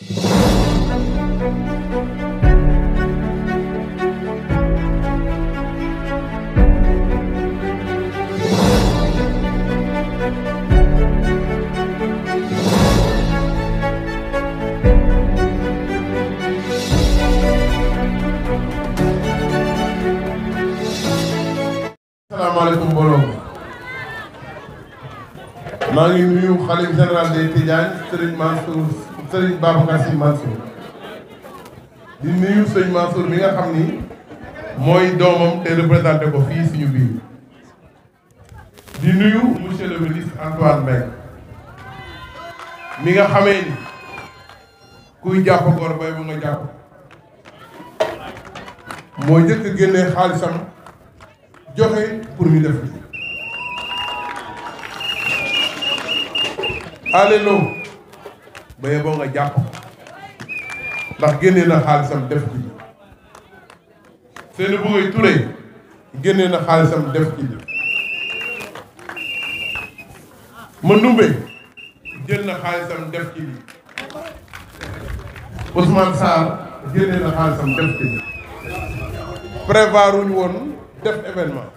asalaamaaleykum mbooloo maa ngi nuyu xalif général des Tidianes Serigne Mansour sëriñ Babacar Sy Mansour di nuyu sëñ Mansour mi nga xam ni mooy doomam te représenté ko fii suñu biir di nuyu monsieur le ministre Antoine Mbengue mi nga xamee ni kuy jàpp góor bay bu nga jàpp moo njëkk génnee xaalisam joxe pour ñu def lii ba yeboo nga jàpp ndax génnee na xaalisam def ci lii seeni bëggee Touré génnee na xaalisam def ci lii Mandumbe jël na xaalisam def ci lii Ousmane Sarr génnee na xaalisam def ci lii prévoir woon def événement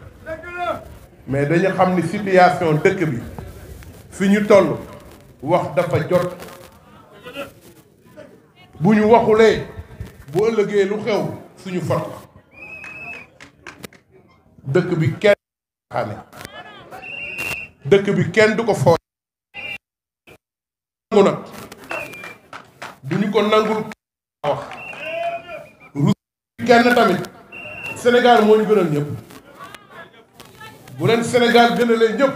mais dañu xam ni situation dëkk bi fi ñu toll wax dafa jot bu ñu waxulee bu ëllëgee lu xew suñu fot la dëkk bi kenn bi kenn du ko fooy nangu nag duñu ko nangul wax rus kenn tamit Sénégal moo ñu gënal ñëpp bu leen Sénégal gënalee ñëpp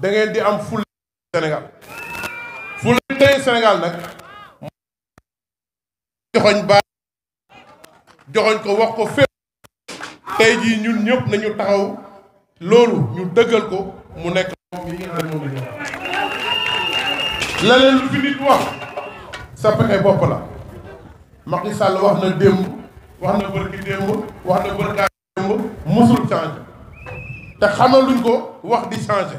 da di am fulla Sénégal fulla tey Sénégal nag joxoñ ba joxoñ ko wax ko fépp tey jii ñun ñëpp nañu taxaw loolu ñu dëggal ko mu nekk moom yi nga xam ne lu fi nit wax sa pexe bopp la Macky Sall wax na démb wax na bërki démb wax na bërkaay démb musul changé te xamaluñ ko wax di changé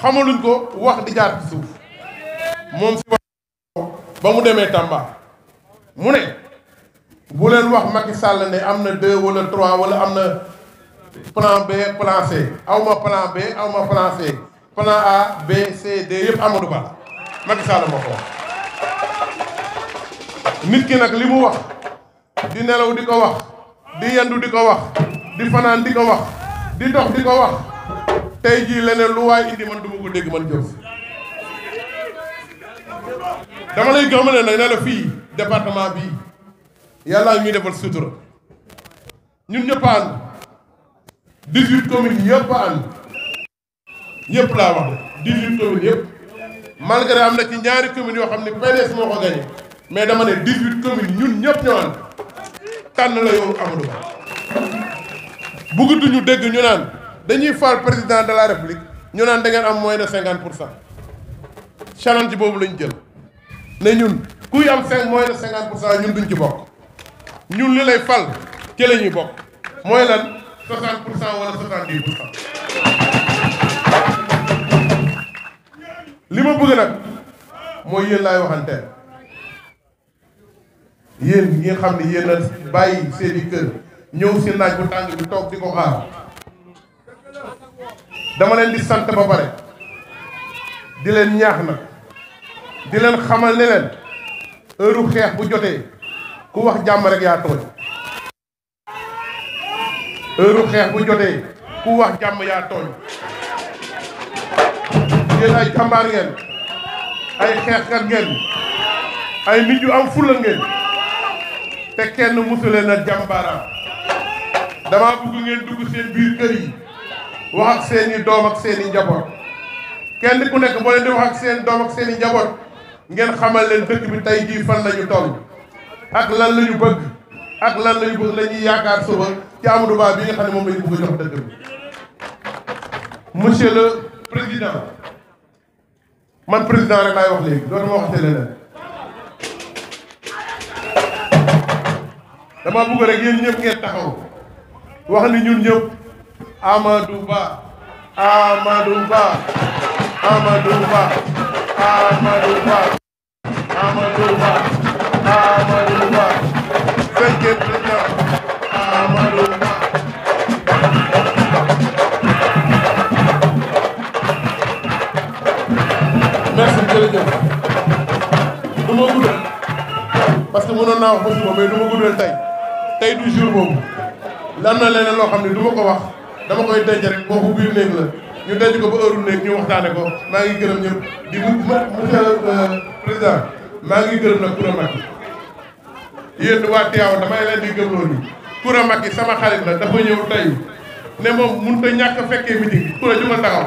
xamaluñ ko wax di jaar ci suuf moom si wax ba mu demee Tamba mu ne bu leen wax Macky Sall ne am na deux wala trois wala am na plan B plan C aw ma B aw ma C plan A B C D yëpp Amadou Ba la Macky Sall ma ko nit ki nag li mu wax di nelaw di ko wax di yendu di ko wax di fanaan di ko wax di dox di ko wax tey jii leneen lu waay indi man du ma ko dégg man Diop dama lay gëm ne nag fii département bi yàlla ñuy defal sutura ñun ñëpp a ànd dix-huit communes yëpp a laa wax de dix-huit am na ci ñaari communes yoo xam ne PDS ko gagné mais dama ne dix-huit communes ñun ñëpp ñoo ànd tànn la yow Amadou Ba bëggatuñu dégg ñu naan dañuy faal président de la république ñu naan da am mooy de cinquante pour cent challenge boobu lañ jël ne ñun kuy am cinq mooy la cinquante pour cent ñun duñ ci bokk ñun li lay fal ci la ñuy bokk mooy lan soixante pour cent wala soixante li ma bëgg nag mooy yéen laay waxanteel yéen ñi xam ne yéen a bàyyi seen kër ñëw si naaj bu tàng bi toog di ko xaar dama leen di sant ba pare di leen ñaax na di leen xamal ne leen heure xeex bu jotee ku wax jàmm rek yaa tooñ heure xeex bu jotee ku wax jàmm yaa tooñ yéen ay jàmbaar ngeen ay xeexkat ngeen ay nit yu am fulla ngeen te kenn musulee na jàmbaaraam dama bëgg ngeen dugg seen biir kër yi wax ak seeni doom ak seeni njaboot kenn ku nekk boo leen di wax ak seen doom ak seeni njaboot ngeen xamal leen dëkk bi tey jii fan la toll ak lan la ñu bëgg ak lan la ñu bëgg la ñuy yaakaar suba ci Amadou Ba bi nga xam ne moom la ñu bëgg a jox dëkk bi monsieur président man président rek laay wax léegi dootuma waxte leneen dama bëgg rek yéen ñëpp ngeen taxaw wax ni ñun ñëpp Amadou Ba Amadou Ba Amadou Ba Amadou Ba Amadou Ba Amadou du ma guddal parce que mënoon naa wax ba suba du ma guddal tey du jour boobu lan na leneen loo xam ne du ma ko wax dama koy denc rek boobu biir la ñu denc ko ba heure néeg ñu waxtaane ko maa ngi gërëm ñëpp di mu monsieur le euh, président maa ngi gërëm nag Coura Macky yéen waa Tivaouane damay leen di gëmloo ni Coura Macky sama xarit la dafa ñëw tey ne moom mënut a ñàkk a fekkee meeting Coura jugal taxaw.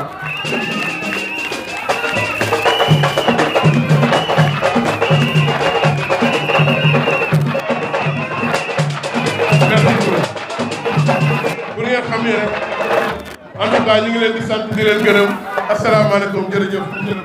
en tout cas ñu ngi leen di sant di leen gërëm asalaamaaleykum jërëjëf.